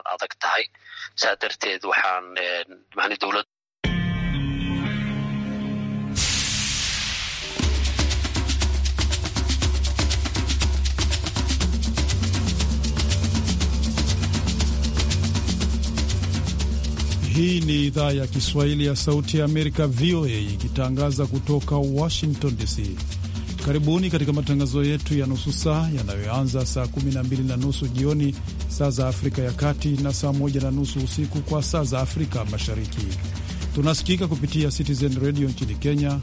inaad adag tahay saa darteed waxaan mani dowlad Hii ni idhaa ya Kiswahili ya Sauti ya Amerika, VOA, ikitangaza kutoka Washington DC. Karibuni katika matangazo yetu ya nusu saa yanayoanza saa 12 na nusu jioni saa za Afrika ya Kati na saa moja na nusu usiku kwa saa za Afrika Mashariki. Tunasikika kupitia Citizen Radio nchini Kenya,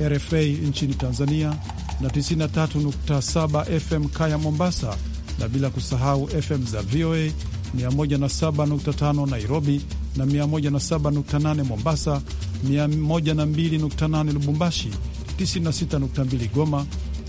RFA nchini Tanzania na 93.7 FM Kaya Mombasa, na bila kusahau FM za VOA 107.5 Nairobi na 107.8 Mombasa, 102.8 Lubumbashi, 96.2 Goma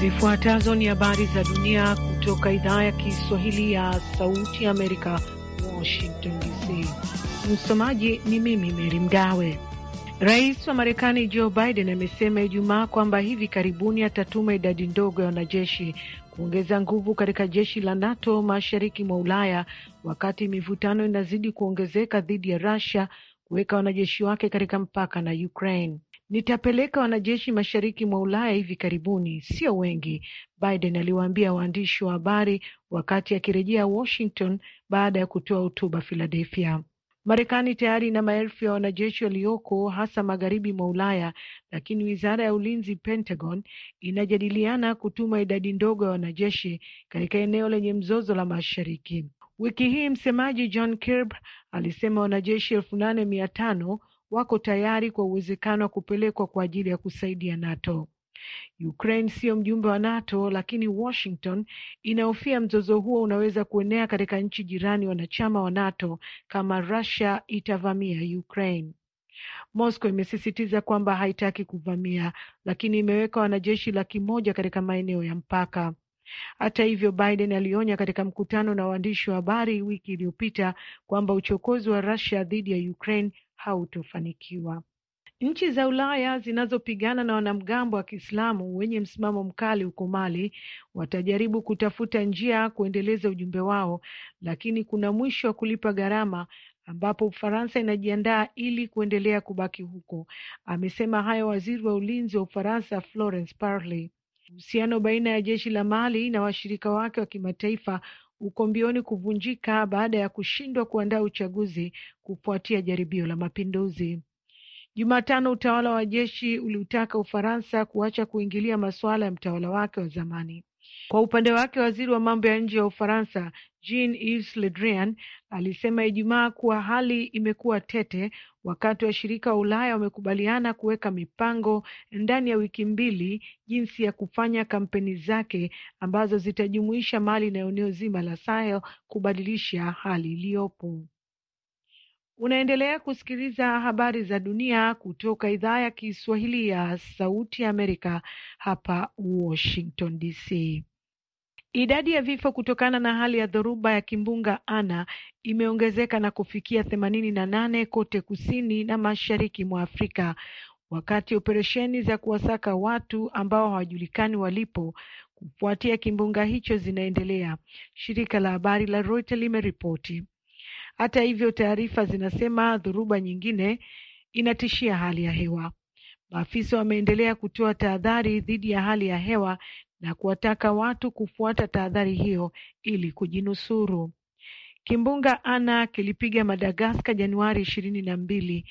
Zifuatazo ni habari za dunia kutoka idhaa ya Kiswahili ya Sauti Amerika, Washington DC. Msomaji ni mimi Meri Mgawe. Rais wa Marekani Joe Biden amesema Ijumaa kwamba hivi karibuni atatuma idadi ndogo ya wanajeshi kuongeza nguvu katika jeshi la NATO mashariki mwa Ulaya, wakati mivutano inazidi kuongezeka dhidi ya rusia kuweka wanajeshi wake katika mpaka na Ukraine nitapeleka wanajeshi mashariki mwa Ulaya hivi karibuni, sio wengi, Biden aliwaambia waandishi wa habari wakati akirejea Washington baada ya kutoa hotuba Philadelphia. Marekani tayari ina maelfu ya wanajeshi walioko hasa magharibi mwa Ulaya, lakini wizara ya ulinzi Pentagon inajadiliana kutuma idadi ndogo ya wanajeshi katika eneo lenye mzozo la mashariki. Wiki hii msemaji John Kirby alisema wanajeshi elfu nane mia tano wako tayari kwa uwezekano wa kupelekwa kwa ajili ya kusaidia NATO. Ukraine siyo mjumbe wa NATO, lakini Washington inahofia mzozo huo unaweza kuenea katika nchi jirani wanachama wa NATO kama Russia itavamia Ukraine. Moscow imesisitiza kwamba haitaki kuvamia, lakini imeweka wanajeshi laki moja katika maeneo ya mpaka. Hata hivyo, Biden alionya katika mkutano na waandishi wa habari wiki iliyopita kwamba uchokozi wa Russia dhidi ya Ukraine hautofanikiwa. Nchi za Ulaya zinazopigana na wanamgambo wa Kiislamu wenye msimamo mkali huko Mali watajaribu kutafuta njia kuendeleza ujumbe wao, lakini kuna mwisho wa kulipa gharama ambapo Ufaransa inajiandaa ili kuendelea kubaki huko. Amesema hayo waziri wa ulinzi wa Ufaransa Florence Parly. Uhusiano baina ya jeshi la Mali na washirika wake wa kimataifa uko mbioni kuvunjika baada ya kushindwa kuandaa uchaguzi kufuatia jaribio la mapinduzi. Jumatano utawala wa jeshi uliutaka Ufaransa kuacha kuingilia masuala ya mtawala wake wa zamani. Kwa upande wake waziri wa mambo ya nje ya Ufaransa Jean-Yves Le Drian alisema Ijumaa kuwa hali imekuwa tete wakati washirika wa Ulaya wamekubaliana kuweka mipango ndani ya wiki mbili jinsi ya kufanya kampeni zake ambazo zitajumuisha Mali na eneo zima la Sahel kubadilisha hali iliyopo. Unaendelea kusikiliza habari za dunia kutoka idhaa ya Kiswahili ya Sauti ya Amerika hapa Washington DC. Idadi ya vifo kutokana na hali ya dhoruba ya kimbunga Ana imeongezeka na kufikia themanini na nane kote kusini na mashariki mwa Afrika wakati operesheni za kuwasaka watu ambao hawajulikani walipo kufuatia kimbunga hicho zinaendelea, shirika la habari la Reuters limeripoti. Hata hivyo, taarifa zinasema dhoruba nyingine inatishia hali ya hewa. Maafisa wameendelea kutoa tahadhari dhidi ya hali ya hewa na kuwataka watu kufuata tahadhari hiyo ili kujinusuru. Kimbunga Ana kilipiga Madagaskar Januari ishirini na mbili.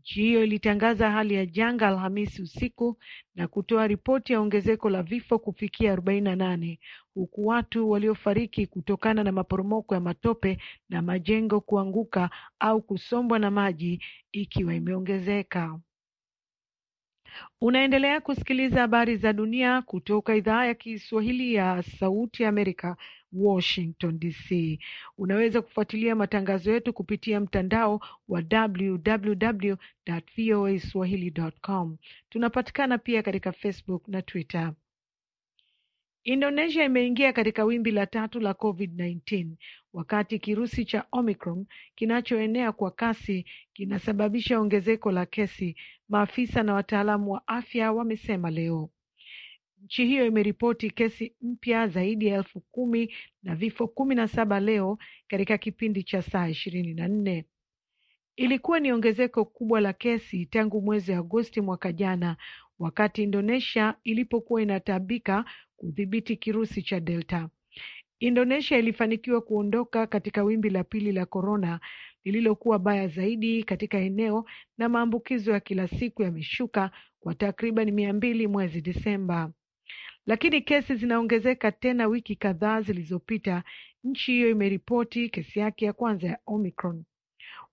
Nchi hiyo ilitangaza hali ya janga Alhamisi usiku na kutoa ripoti ya ongezeko la vifo kufikia arobaini na nane huku watu waliofariki kutokana na maporomoko ya matope na majengo kuanguka au kusombwa na maji ikiwa imeongezeka. Unaendelea kusikiliza habari za dunia kutoka idhaa ya Kiswahili ya Sauti ya Amerika, Washington DC. Unaweza kufuatilia matangazo yetu kupitia mtandao wa www swahili.com. Tunapatikana pia katika Facebook na Twitter. Indonesia imeingia katika wimbi la tatu la covid-19 wakati kirusi cha Omicron kinachoenea kwa kasi kinasababisha ongezeko la kesi, maafisa na wataalamu wa afya wamesema leo. Nchi hiyo imeripoti kesi mpya zaidi ya elfu kumi na vifo kumi na saba leo katika kipindi cha saa ishirini na nne. Ilikuwa ni ongezeko kubwa la kesi tangu mwezi Agosti mwaka jana, wakati Indonesia ilipokuwa inatabika kudhibiti kirusi cha Delta. Indonesia ilifanikiwa kuondoka katika wimbi la pili la korona lililokuwa baya zaidi katika eneo na maambukizo ya kila siku yameshuka kwa takriban mia mbili mwezi disemba lakini kesi zinaongezeka tena. Wiki kadhaa zilizopita, nchi hiyo imeripoti kesi yake ya kwanza ya Omicron.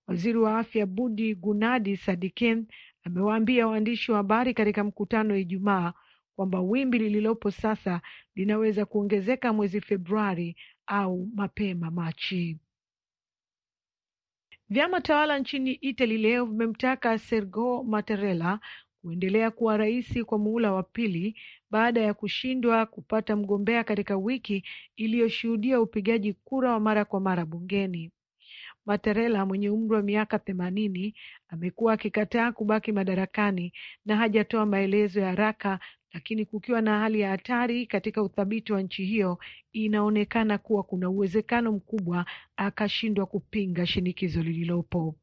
Waziri wa afya Budi Gunadi Sadikin amewaambia waandishi wa habari katika mkutano wa Ijumaa kwamba wimbi lililopo sasa linaweza kuongezeka mwezi Februari au mapema Machi. Vyama tawala nchini Itali leo vimemtaka Sergio Mattarella kuendelea kuwa rais kwa muhula wa pili baada ya kushindwa kupata mgombea katika wiki iliyoshuhudia upigaji kura wa mara kwa mara bungeni. Mattarella mwenye umri wa miaka themanini amekuwa akikataa kubaki madarakani na hajatoa maelezo ya haraka lakini kukiwa na hali ya hatari katika uthabiti wa nchi hiyo, inaonekana kuwa kuna uwezekano mkubwa akashindwa kupinga shinikizo lililopo.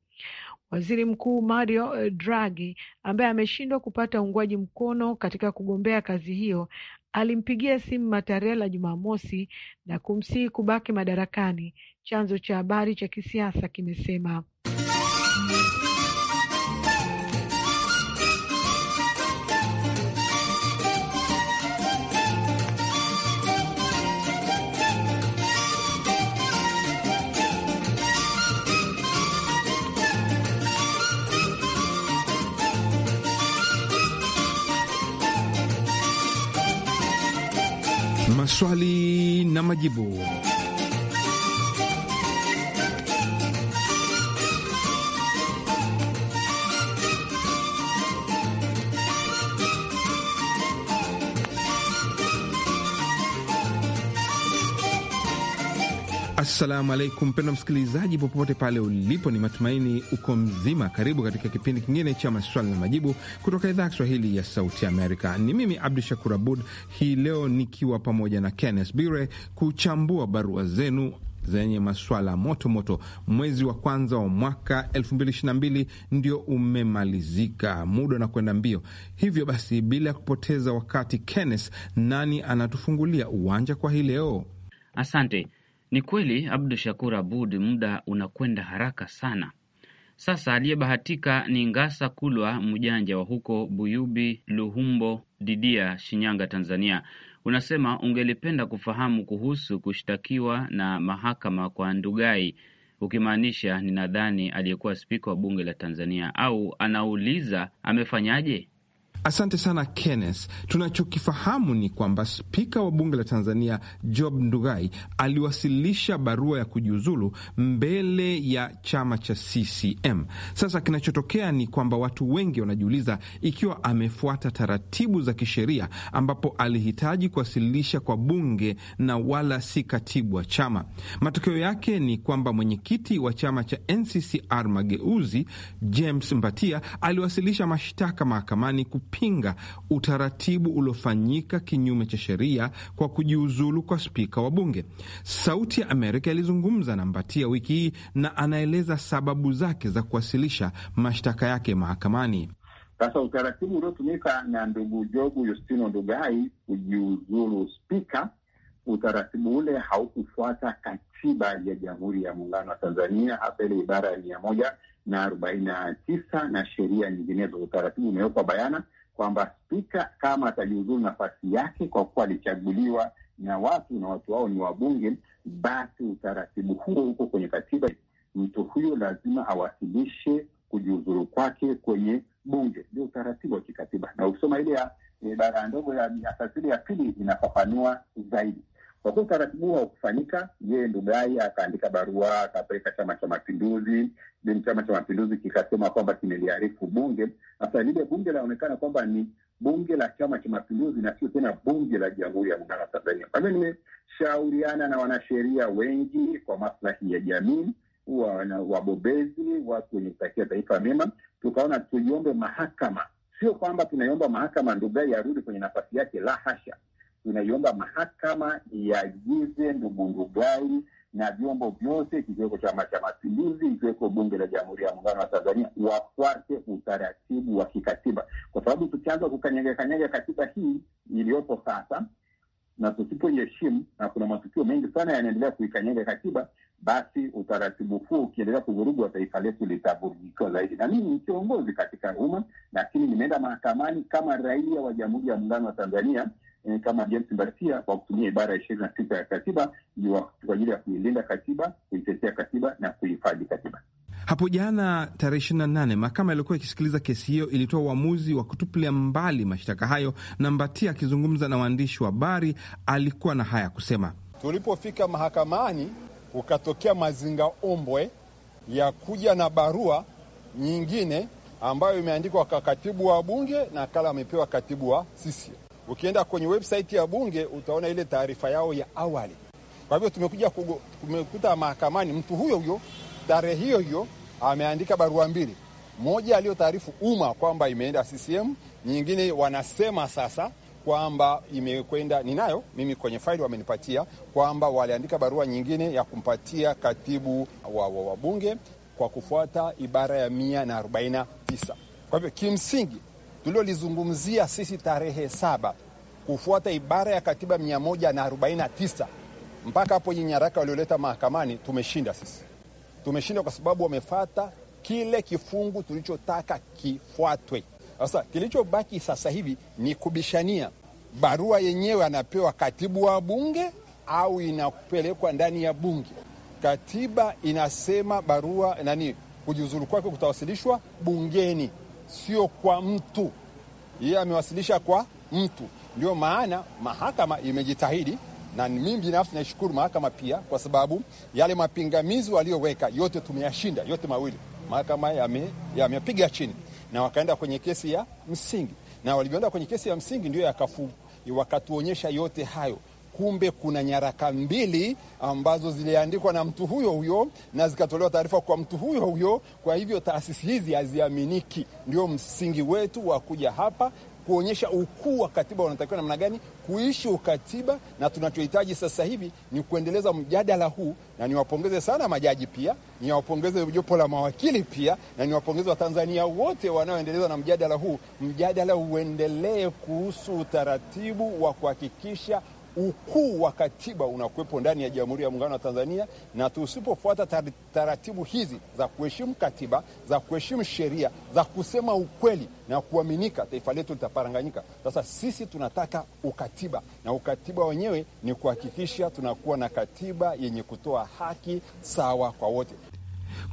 Waziri Mkuu Mario eh, Draghi ambaye ameshindwa kupata uungwaji mkono katika kugombea kazi hiyo alimpigia simu jumaa Jumamosi na kumsihi kubaki madarakani, chanzo cha habari cha kisiasa kimesema. maswali na majibu. Assalamu alaikum, mpendwa msikilizaji, popote pale ulipo, ni matumaini uko mzima. Karibu katika kipindi kingine cha maswali na majibu kutoka idhaa ya Kiswahili ya Sauti Amerika. Ni mimi Abdu Shakur Abud, hii leo nikiwa pamoja na Kenneth Bire kuchambua barua zenu zenye maswala moto moto. Mwezi wa kwanza wa mwaka 2022 ndio umemalizika, muda na kwenda mbio. Hivyo basi, bila ya kupoteza wakati, Kenneth, nani anatufungulia uwanja kwa hii leo? Asante. Ni kweli Abdu Shakur Abud, muda unakwenda haraka sana. Sasa aliyebahatika ni Ngasa Kulwa Mjanja wa huko Buyubi, Luhumbo, Didia, Shinyanga, Tanzania. Unasema ungelipenda kufahamu kuhusu kushtakiwa na mahakama kwa Ndugai, ukimaanisha ninadhani aliyekuwa spika wa bunge la Tanzania, au anauliza amefanyaje? Asante sana Kenneth. Tunachokifahamu ni kwamba spika wa bunge la Tanzania Job Ndugai aliwasilisha barua ya kujiuzulu mbele ya chama cha CCM. Sasa kinachotokea ni kwamba watu wengi wanajiuliza ikiwa amefuata taratibu za kisheria, ambapo alihitaji kuwasilisha kwa bunge na wala si katibu wa chama. Matokeo yake ni kwamba mwenyekiti wa chama cha NCCR Mageuzi James Mbatia aliwasilisha mashtaka mahakamani kupinga utaratibu uliofanyika kinyume cha sheria kwa kujiuzulu kwa spika wa bunge. Sauti ya Amerika ilizungumza na Mbatia wiki hii na anaeleza sababu zake za kuwasilisha mashtaka yake mahakamani. Sasa utaratibu uliotumika na ndugu Jogu Yustino Ndugai kujiuzulu spika, utaratibu ule haukufuata katiba ya Jamhuri ya Muungano wa Tanzania, hasa ile ibara ya mia moja na arobaini na tisa na sheria nyinginezo. Utaratibu umewekwa bayana kwamba spika kama atajiuzuru nafasi yake kwa kuwa alichaguliwa na watu na watu wao ni wabunge, basi utaratibu huo huko kwenye katiba, mtu huyo lazima awasilishe kujiuzuru kwake kwenye bunge. Ndio utaratibu wa kikatiba, na ukisoma ile ya ibara eh, ndogo ya fasili ya pili inafafanua zaidi. Kwa kuwa utaratibu huu haukufanyika, yeye Ndugai akaandika barua akapeleka Chama cha Mapinduzi. Chama cha Mapinduzi kikasema kwamba kimeliarifu bunge. Sasa lile bunge linaonekana kwamba ni bunge la Chama cha Mapinduzi na sio tena bunge la Jamhuri ya Muungano wa Tanzania. Kwa hivyo nimeshauriana na wanasheria wengi kwa maslahi ya jamii, wabobezi, watu wenye kutakia taifa mema, tukaona tuiombe mahakama. Sio kwamba tunaiomba mahakama Ndugai arudi kwenye nafasi yake, la hasha inaiomba mahakama iagize ndugu Ndugai na vyombo vyote ikiweko Chama cha Mapinduzi, ikiweko Bunge la Jamhuri ya Muungano wa Tanzania wafuate utaratibu wa kikatiba, kwa sababu tukianza kukanyaga-kanyaga katiba hii iliyopo sasa na tusipoiheshimu, na kuna matukio mengi sana yanaendelea kuikanyaga katiba, basi utaratibu huu ukiendelea kuvurugu wa taifa letu litavurugika zaidi. Na mimi ni kiongozi katika umma, lakini nimeenda mahakamani kama raia wa Jamhuri ya Muungano wa Tanzania eh, kama James Mbatia kwa kutumia ibara ishirini na sita ya katiba kwa ajili ya kuilinda katiba, kuitetea katiba na kuhifadhi katiba. Hapo jana tarehe ishirini na nane mahakama iliyokuwa ikisikiliza kesi hiyo ilitoa uamuzi wa kutupilia mbali mashtaka hayo, na Mbatia akizungumza na waandishi wa habari alikuwa na haya kusema: tulipofika mahakamani kukatokea mazinga ombwe ya kuja na barua nyingine ambayo imeandikwa kwa katibu wa bunge na kala amepewa katibu wa sisi Ukienda kwenye website ya bunge utaona ile taarifa yao ya awali. Kwa hivyo tumekuja kumekuta mahakamani mtu huyo huyo tarehe hiyo hiyo ameandika barua mbili, moja aliyotaarifu umma kwamba imeenda CCM, nyingine wanasema sasa kwamba imekwenda. Ninayo mimi kwenye faili, wamenipatia kwamba waliandika barua nyingine ya kumpatia katibu wa wabunge wa kwa kufuata ibara ya 149. Kwa hivyo kimsingi tulilolizungumzia sisi tarehe saba kufuata ibara ya katiba 149 mpaka hapo yenye nyaraka walioleta mahakamani, tumeshinda sisi. Tumeshinda kwa sababu wamefata kile kifungu tulichotaka kifuatwe. Sasa kilichobaki sasa hivi ni kubishania, barua yenyewe anapewa katibu wa bunge au inapelekwa ndani ya bunge. Katiba inasema barua nani, kujiuzulu kwake kutawasilishwa bungeni sio kwa mtu, yeye amewasilisha kwa mtu. Ndio maana mahakama imejitahidi, na mimi binafsi naishukuru mahakama pia, kwa sababu yale mapingamizi walioweka yote tumeyashinda, yote mawili mahakama yamepiga yame chini, na wakaenda kwenye kesi ya msingi, na walivyoenda kwenye kesi ya msingi ndio yakafu wakatuonyesha yote hayo kumbe kuna nyaraka mbili ambazo ziliandikwa na mtu huyo huyo na zikatolewa taarifa kwa mtu huyo huyo. Kwa hivyo taasisi hizi haziaminiki. Ndio msingi wetu wa kuja hapa kuonyesha ukuu wa katiba unatakiwa namna gani kuishi ukatiba, na tunachohitaji sasa hivi ni kuendeleza mjadala huu, na niwapongeze sana majaji pia, niwapongeze jopo la mawakili pia, na niwapongeze Watanzania wote wanaoendeleza na mjadala huu. Mjadala uendelee kuhusu utaratibu wa kuhakikisha ukuu wa katiba unakuwepo ndani ya Jamhuri ya Muungano wa Tanzania, na tusipofuata tar taratibu hizi za kuheshimu katiba, za kuheshimu sheria, za kusema ukweli na kuaminika, taifa letu litaparanganyika. Sasa sisi tunataka ukatiba, na ukatiba wenyewe ni kuhakikisha tunakuwa na katiba yenye kutoa haki sawa kwa wote.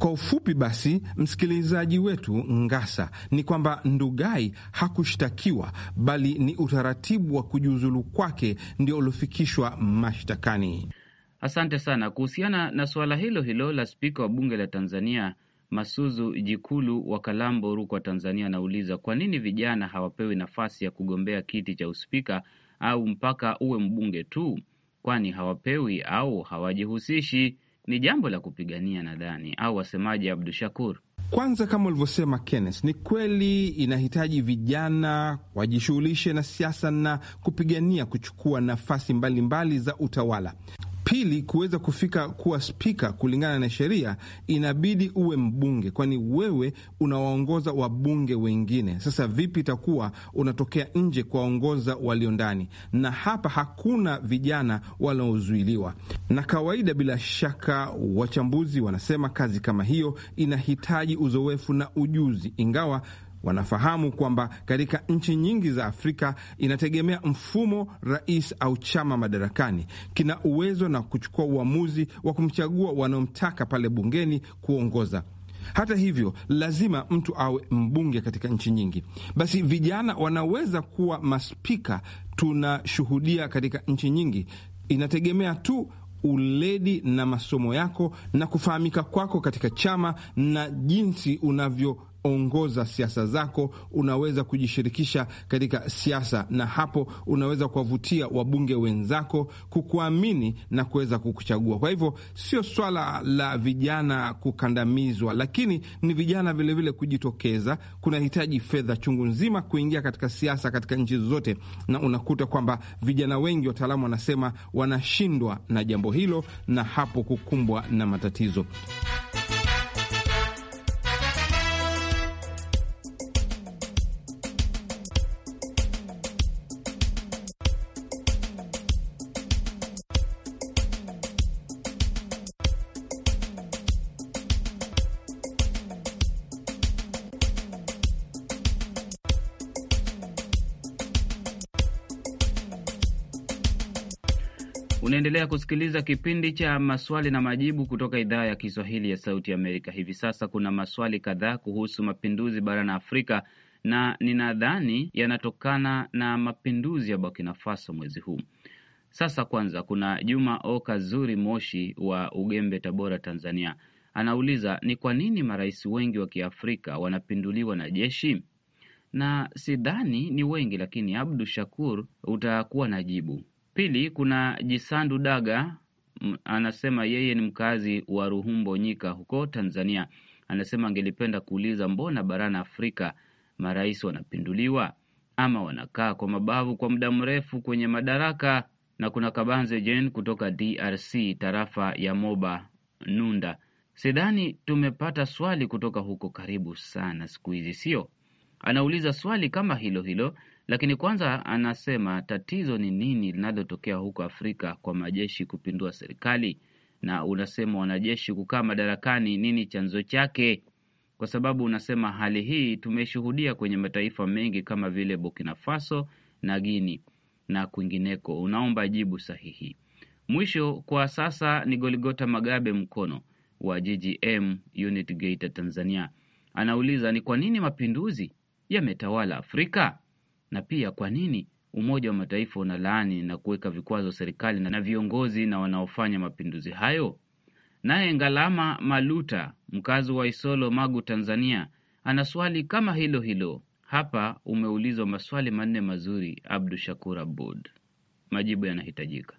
Kwa ufupi basi, msikilizaji wetu Ngasa, ni kwamba Ndugai hakushtakiwa bali ni utaratibu wa kujiuzulu kwake ndio uliofikishwa mashtakani. Asante sana. Kuhusiana na suala hilo hilo la spika wa bunge la Tanzania Masuzu Jikulu wa Kalambo, Rukwa, Tanzania, anauliza kwa nini vijana hawapewi nafasi ya kugombea kiti cha uspika au mpaka uwe mbunge tu? Kwani hawapewi au hawajihusishi? ni jambo la kupigania nadhani, au wasemaji Abdu Shakur? Kwanza, kama ulivyosema Kenneth, ni kweli inahitaji vijana wajishughulishe na siasa na kupigania kuchukua nafasi mbalimbali mbali za utawala. Pili, kuweza kufika kuwa spika, kulingana na sheria inabidi uwe mbunge, kwani wewe unawaongoza wabunge wengine. Sasa vipi itakuwa unatokea nje kuwaongoza walio ndani? Na hapa hakuna vijana wanaozuiliwa na kawaida. Bila shaka, wachambuzi wanasema kazi kama hiyo inahitaji uzoefu na ujuzi, ingawa wanafahamu kwamba katika nchi nyingi za Afrika inategemea mfumo rais au chama madarakani kina uwezo na kuchukua uamuzi wa kumchagua wanaomtaka pale bungeni kuongoza. Hata hivyo lazima mtu awe mbunge katika nchi nyingi. Basi vijana wanaweza kuwa maspika, tunashuhudia katika nchi nyingi. Inategemea tu uledi na masomo yako na kufahamika kwako katika chama na jinsi unavyo ongoza siasa zako, unaweza kujishirikisha katika siasa, na hapo unaweza kuwavutia wabunge wenzako kukuamini na kuweza kukuchagua. Kwa hivyo sio swala la vijana kukandamizwa, lakini ni vijana vilevile vile kujitokeza. Kunahitaji fedha chungu nzima kuingia katika siasa katika nchi zote, na unakuta kwamba vijana wengi, wataalamu wanasema, wanashindwa na jambo hilo, na hapo kukumbwa na matatizo. Unaendelea kusikiliza kipindi cha maswali na majibu kutoka idhaa ya Kiswahili ya Sauti Amerika. Hivi sasa kuna maswali kadhaa kuhusu mapinduzi barani Afrika na ninadhani yanatokana na mapinduzi ya Burkina Faso mwezi huu. Sasa kwanza, kuna Juma Oka Zuri Moshi wa Ugembe, Tabora, Tanzania, anauliza ni kwa nini marais wengi wa Kiafrika wanapinduliwa na jeshi, na sidhani ni wengi, lakini Abdu Shakur utakuwa na jibu. Pili kuna Jisandu Daga anasema yeye ni mkazi wa ruhumbo nyika huko Tanzania. Anasema angelipenda kuuliza mbona barani Afrika marais wanapinduliwa ama wanakaa kwa mabavu kwa muda mrefu kwenye madaraka. Na kuna Kabanze Jen kutoka DRC, tarafa ya Moba Nunda, sidhani tumepata swali kutoka huko. Karibu sana siku hizi, sio? Anauliza swali kama hilo hilo lakini kwanza anasema tatizo ni nini linalotokea huko Afrika kwa majeshi kupindua serikali, na unasema wanajeshi kukaa madarakani, nini chanzo chake? Kwa sababu unasema hali hii tumeshuhudia kwenye mataifa mengi kama vile Burkina Faso na guini na kwingineko. Unaomba jibu sahihi. Mwisho kwa sasa ni Goligota Magabe Mkono wa GGM unit Tanzania, anauliza ni kwa nini mapinduzi yametawala Afrika? na pia kwa nini Umoja wa Mataifa unalaani na kuweka vikwazo serikali na viongozi na wanaofanya mapinduzi hayo? Naye Ngalama Maluta, mkazi wa Isolo, Magu, Tanzania, ana swali kama hilo hilo. Hapa umeulizwa maswali manne mazuri, Abdu Shakur Abud, majibu yanahitajika.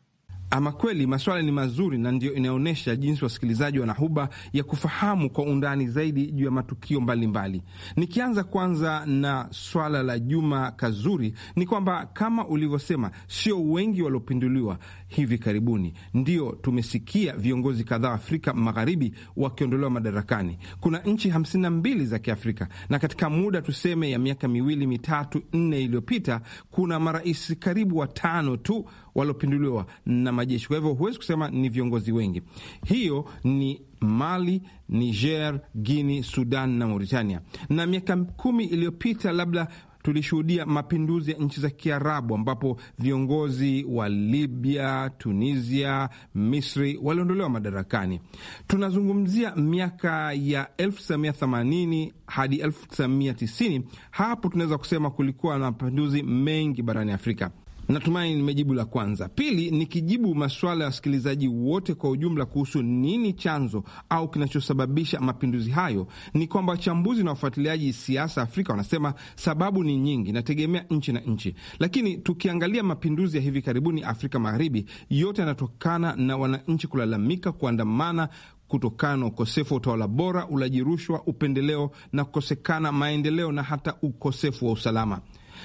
Ama kweli maswala ni mazuri na ndiyo inaonyesha jinsi wasikilizaji wana huba ya kufahamu kwa undani zaidi juu ya matukio mbalimbali mbali. Nikianza kwanza na swala la Juma Kazuri, ni kwamba kama ulivyosema, sio wengi waliopinduliwa hivi karibuni. Ndio tumesikia viongozi kadhaa wa Afrika Magharibi wakiondolewa madarakani. Kuna nchi hamsini na mbili za Kiafrika, na katika muda tuseme ya miaka miwili mitatu nne iliyopita, kuna marais karibu watano tu waliopinduliwa na majeshi. Kwa hivyo huwezi kusema ni viongozi wengi, hiyo ni Mali, Niger, guini Sudan na Mauritania. Na miaka kumi iliyopita labda tulishuhudia mapinduzi ya nchi za Kiarabu ambapo viongozi wa Libya, Tunisia, Misri waliondolewa madarakani. Tunazungumzia miaka ya 1980 hadi 1990. Hapo tunaweza kusema kulikuwa na mapinduzi mengi barani Afrika. Natumai nimejibu la kwanza. Pili, nikijibu masuala ya wasikilizaji wote kwa ujumla kuhusu nini chanzo au kinachosababisha mapinduzi hayo, ni kwamba wachambuzi na wafuatiliaji siasa Afrika wanasema sababu ni nyingi, inategemea nchi na nchi, lakini tukiangalia mapinduzi ya hivi karibuni Afrika Magharibi, yote yanatokana na wananchi kulalamika, kuandamana kutokana na ukosefu wa utawala bora, ulaji rushwa, upendeleo na kukosekana maendeleo na hata ukosefu wa usalama.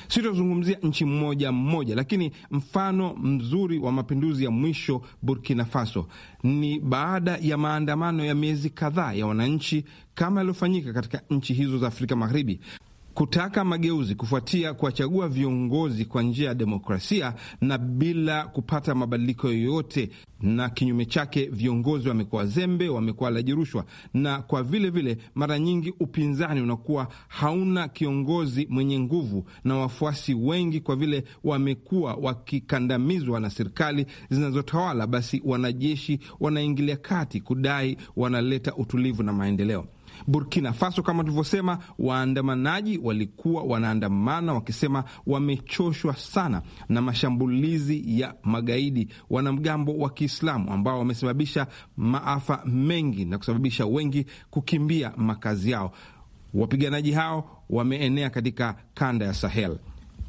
Sitozungumzia nchi mmoja mmoja, lakini mfano mzuri wa mapinduzi ya mwisho Burkina Faso ni baada ya maandamano ya miezi kadhaa ya wananchi kama yaliyofanyika katika nchi hizo za Afrika Magharibi kutaka mageuzi kufuatia kuwachagua viongozi kwa njia ya demokrasia na bila kupata mabadiliko yoyote, na kinyume chake viongozi wamekuwa zembe wamekuwa laji rushwa, na kwa vile vile mara nyingi upinzani unakuwa hauna kiongozi mwenye nguvu na wafuasi wengi, kwa vile wamekuwa wakikandamizwa na serikali zinazotawala. Basi wanajeshi wanaingilia kati kudai wanaleta utulivu na maendeleo. Burkina Faso, kama tulivyosema, waandamanaji walikuwa wanaandamana wakisema wamechoshwa sana na mashambulizi ya magaidi wanamgambo wa Kiislamu ambao wamesababisha maafa mengi na kusababisha wengi kukimbia makazi yao. Wapiganaji hao wameenea katika kanda ya Sahel.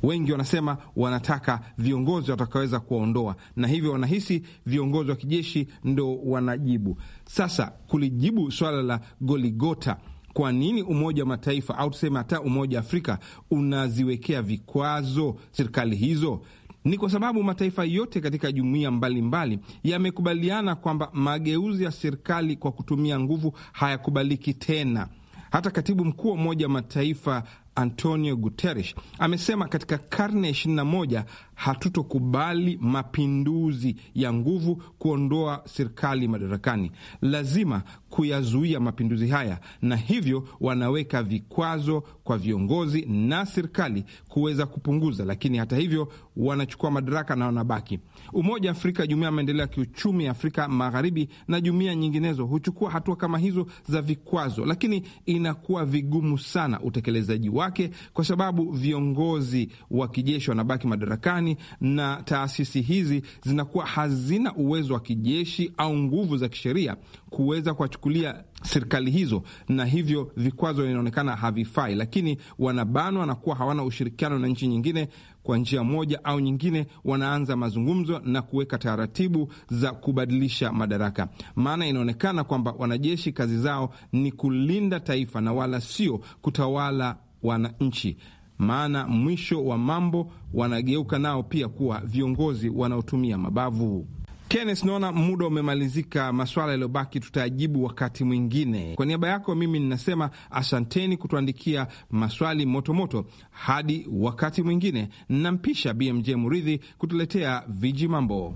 Wengi wanasema wanataka viongozi watakaweza kuwaondoa, na hivyo wanahisi viongozi wa kijeshi ndo wanajibu. Sasa kulijibu swala la goligota kwa nini Umoja wa Mataifa au tuseme hata Umoja wa Afrika unaziwekea vikwazo serikali hizo? Ni kwa sababu mataifa yote katika jumuiya mbalimbali yamekubaliana kwamba mageuzi ya serikali kwa kutumia nguvu hayakubaliki tena. Hata katibu mkuu wa Umoja wa Mataifa Antonio Guterres amesema katika karne ya 21 hatutokubali mapinduzi ya nguvu kuondoa serikali madarakani, lazima kuyazuia mapinduzi haya, na hivyo wanaweka vikwazo kwa viongozi na serikali kuweza kupunguza, lakini hata hivyo wanachukua madaraka na wanabaki. Umoja wa Afrika, Jumuiya ya Maendeleo ya Kiuchumi ya Afrika Magharibi na jumuiya nyinginezo huchukua hatua kama hizo za vikwazo, lakini inakuwa vigumu sana utekelezaji wake, kwa sababu viongozi wa kijeshi wanabaki madarakani Marekani na taasisi hizi zinakuwa hazina uwezo wa kijeshi au nguvu za kisheria kuweza kuwachukulia serikali hizo, na hivyo vikwazo vinaonekana havifai, lakini wanabanwa na kuwa hawana ushirikiano na nchi nyingine. Kwa njia moja au nyingine, wanaanza mazungumzo na kuweka taratibu za kubadilisha madaraka, maana inaonekana kwamba wanajeshi kazi zao ni kulinda taifa na wala sio kutawala wananchi maana mwisho wa mambo wanageuka nao pia kuwa viongozi wanaotumia mabavu. Kennes, naona muda umemalizika. Maswala yaliyobaki tutayajibu wakati mwingine. Kwa niaba yako mimi ninasema asanteni kutuandikia maswali motomoto. Hadi wakati mwingine, nampisha BMJ Muridhi kutuletea viji mambo.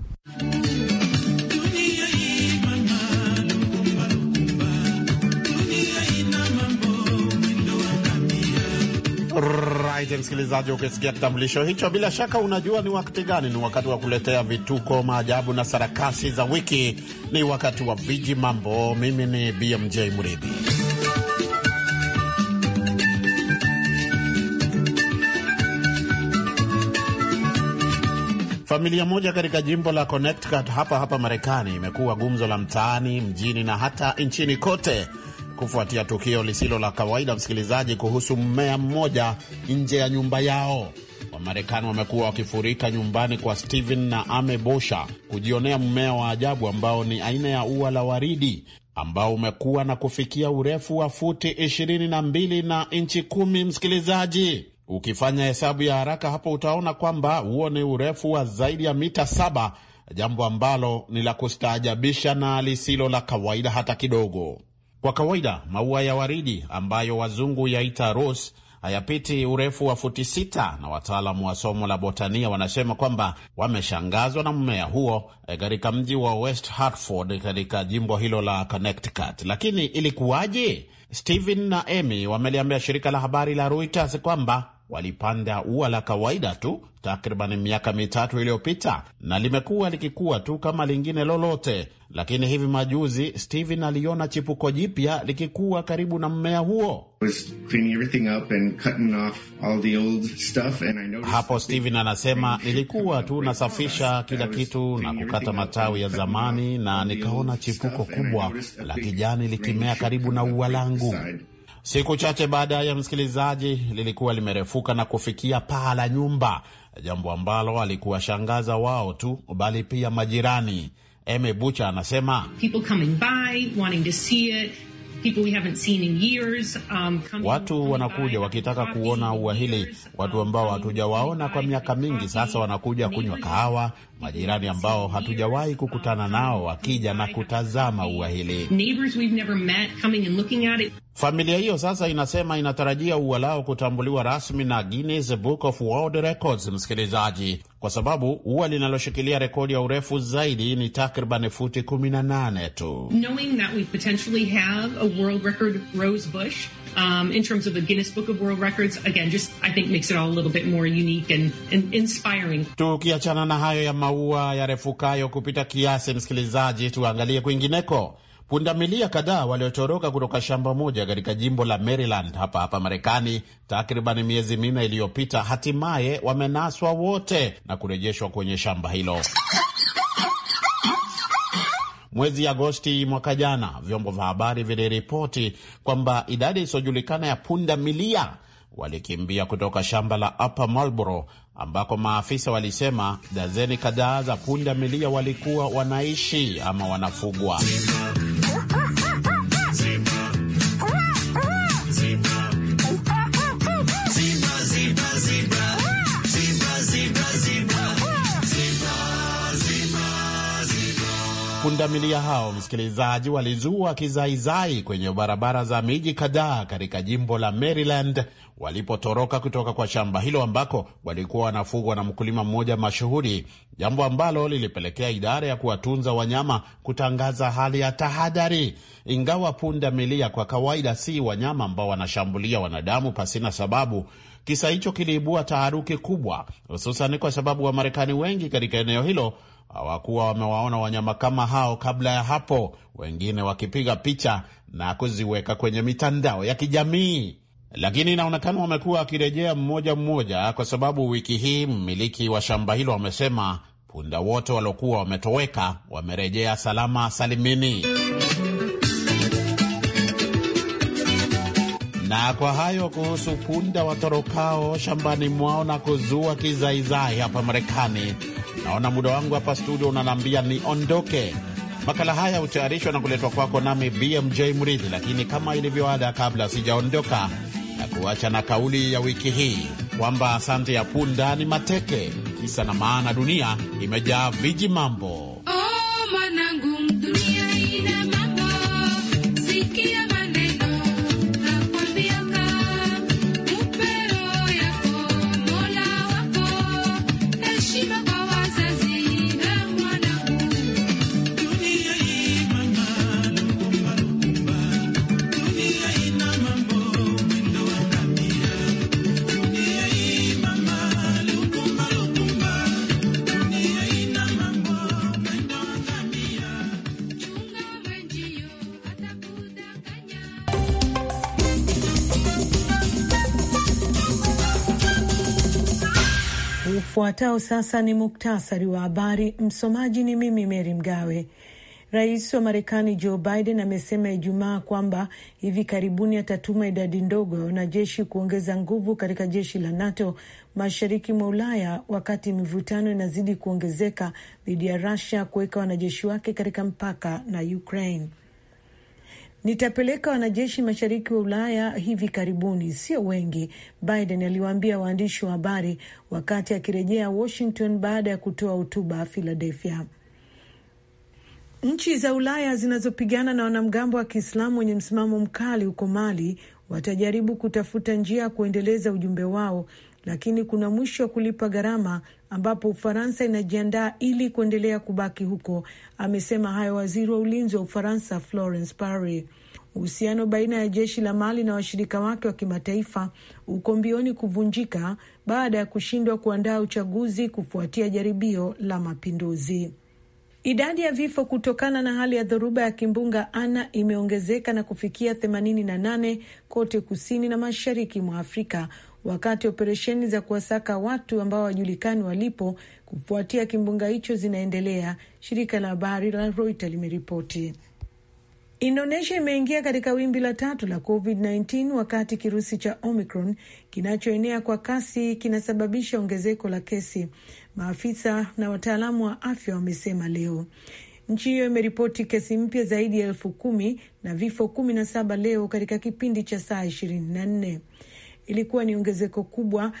Right, msikilizaji, ukisikia kitambulisho hicho, bila shaka unajua ni wakati gani. Ni wakati wa kuletea vituko, maajabu na sarakasi za wiki. Ni wakati wa viji mambo. Mimi ni BMJ Mridhi. Familia moja katika jimbo la Connecticut hapa hapa Marekani imekuwa gumzo la mtaani, mjini na hata nchini kote kufuatia tukio lisilo la kawaida, msikilizaji, kuhusu mmea mmoja nje ya nyumba yao. Wamarekani wamekuwa wakifurika nyumbani kwa Steven na Ame Bosha kujionea mmea wa ajabu ambao ni aina ya ua la waridi ambao umekuwa na kufikia urefu wa futi ishirini na mbili na inchi kumi. Msikilizaji, ukifanya hesabu ya haraka hapo utaona kwamba huo ni urefu wa zaidi ya mita saba, jambo ambalo ni la kustaajabisha na lisilo la kawaida hata kidogo. Kwa kawaida maua ya waridi ambayo wazungu yaita rose hayapiti urefu wa futi sita, na wataalamu wa somo la botania wanasema kwamba wameshangazwa na mmea huo eh, katika mji wa West Hartford katika jimbo hilo la Connecticut. Lakini ilikuwaje? Stephen na Amy wameliambia shirika la habari la Reuters kwamba walipanda ua la kawaida tu takriban miaka mitatu iliyopita na limekuwa likikuwa tu kama lingine lolote, lakini hivi majuzi Steven aliona chipuko jipya likikuwa karibu na mmea huo. Hapo Steven anasema nilikuwa tu nasafisha kila kitu na kukata matawi ya zamani, na nikaona chipuko kubwa la kijani likimea karibu na ua langu. Siku chache baada ya msikilizaji, lilikuwa limerefuka na kufikia paa la nyumba, jambo ambalo alikuwashangaza wao tu, bali pia majirani. Eme Bucha anasema um, watu wanakuja wakitaka kuona ua hili, um, watu ambao hatujawaona kwa miaka mingi sasa wanakuja kunywa um, kahawa, majirani ambao hatujawahi kukutana nao wakija na kutazama ua hili. Familia hiyo sasa inasema inatarajia lao kutambuliwa rasmi na Guinness Book of World Records, msikilizaji, kwa sababu ua linaloshikilia rekodi ya urefu zaidi ni takriban futi 18 tu. Um, in terms of the Guinness Book of World Records, again, just I think makes it all a little bit more unique and, and inspiring. Tukiachana na hayo ya maua yarefukayo kupita kiasi, msikilizaji, tuangalie kwingineko. Pundamilia kadhaa waliotoroka kutoka shamba moja katika jimbo la Maryland hapa hapa Marekani takriban miezi minne iliyopita, hatimaye wamenaswa wote na kurejeshwa kwenye shamba hilo. Mwezi Agosti mwaka jana, vyombo vya habari viliripoti kwamba idadi isiyojulikana ya punda milia walikimbia kutoka shamba la Upper Marlboro ambako maafisa walisema dazeni kadhaa za punda milia walikuwa wanaishi ama wanafugwa. Pundamilia hao msikilizaji, walizua kizaizai kwenye barabara za miji kadhaa katika jimbo la Maryland walipotoroka kutoka kwa shamba hilo ambako walikuwa wanafugwa na mkulima mmoja mashuhuri, jambo ambalo lilipelekea idara ya kuwatunza wanyama kutangaza hali ya tahadhari. Ingawa punda milia kwa kawaida si wanyama ambao wanashambulia wanadamu pasina sababu, kisa hicho kiliibua taharuki kubwa, hususan kwa sababu Wamarekani wengi katika eneo hilo hawakuwa wamewaona wanyama kama hao kabla ya hapo, wengine wakipiga picha na kuziweka kwenye mitandao ya kijamii. Lakini inaonekana wamekuwa wakirejea mmoja mmoja, kwa sababu wiki hii mmiliki wa shamba hilo amesema punda wote waliokuwa wametoweka wamerejea salama salimini. Na kwa hayo kuhusu punda watorokao shambani mwao na kuzua kizaizai hapa Marekani, naona muda wangu hapa studio unaniambia niondoke. Makala haya hutayarishwa na kuletwa kwako nami BMJ Mridhi, lakini kama ilivyo kabla sijaondoka na kuacha na kauli ya wiki hii kwamba asante ya punda ni mateke. Kisa na maana, dunia imejaa viji mambo. Ufuatao sasa ni muktasari wa habari. Msomaji ni mimi Meri Mgawe. Rais wa Marekani Joe Biden amesema Ijumaa kwamba hivi karibuni atatuma idadi ndogo ya wanajeshi kuongeza nguvu katika jeshi la NATO mashariki mwa Ulaya, wakati mivutano inazidi kuongezeka dhidi ya rusia kuweka wanajeshi wake katika mpaka na Ukraine nitapeleka wanajeshi mashariki wa Ulaya hivi karibuni, sio wengi, Biden aliwaambia waandishi wa habari wakati akirejea Washington baada ya kutoa hotuba Philadelphia. Nchi za Ulaya zinazopigana na wanamgambo wa Kiislamu wenye msimamo mkali huko Mali watajaribu kutafuta njia ya kuendeleza ujumbe wao, lakini kuna mwisho wa kulipa gharama ambapo Ufaransa inajiandaa ili kuendelea kubaki huko. Amesema hayo waziri wa ulinzi wa Ufaransa Florence Parly. Uhusiano baina ya jeshi la Mali na washirika wake wa kimataifa uko mbioni kuvunjika baada ya kushindwa kuandaa uchaguzi kufuatia jaribio la mapinduzi. Idadi ya vifo kutokana na hali ya dhoruba ya kimbunga Ana imeongezeka na kufikia 88 kote kusini na mashariki mwa Afrika wakati operesheni za kuwasaka watu ambao hawajulikani walipo kufuatia kimbunga hicho zinaendelea, shirika la habari la Reuters limeripoti. Indonesia imeingia katika wimbi la tatu la COVID-19 wakati kirusi cha Omicron kinachoenea kwa kasi kinasababisha ongezeko la kesi, maafisa na wataalamu wa afya wamesema leo. Nchi hiyo imeripoti kesi mpya zaidi ya elfu kumi na vifo kumi na saba leo katika kipindi cha saa ishirini na nne ilikuwa ni ongezeko kubwa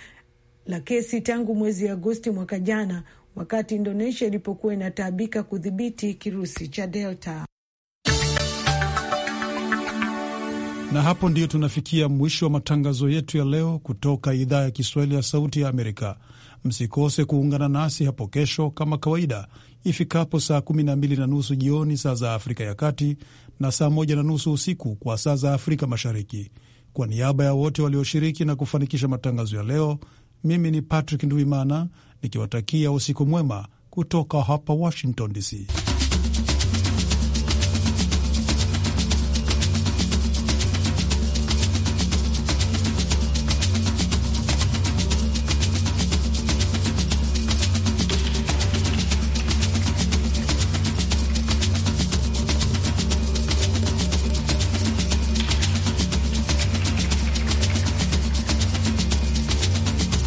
la kesi tangu mwezi Agosti mwaka jana, wakati Indonesia ilipokuwa inataabika kudhibiti kirusi cha Delta. Na hapo ndiyo tunafikia mwisho wa matangazo yetu ya leo kutoka idhaa ya Kiswahili ya Sauti ya Amerika. Msikose kuungana nasi hapo kesho kama kawaida ifikapo saa 12 na nusu jioni saa za Afrika ya Kati na saa 1 na nusu usiku kwa saa za Afrika Mashariki. Kwa niaba ya wote walioshiriki na kufanikisha matangazo ya leo, mimi ni Patrick Nduimana nikiwatakia usiku mwema kutoka hapa Washington DC.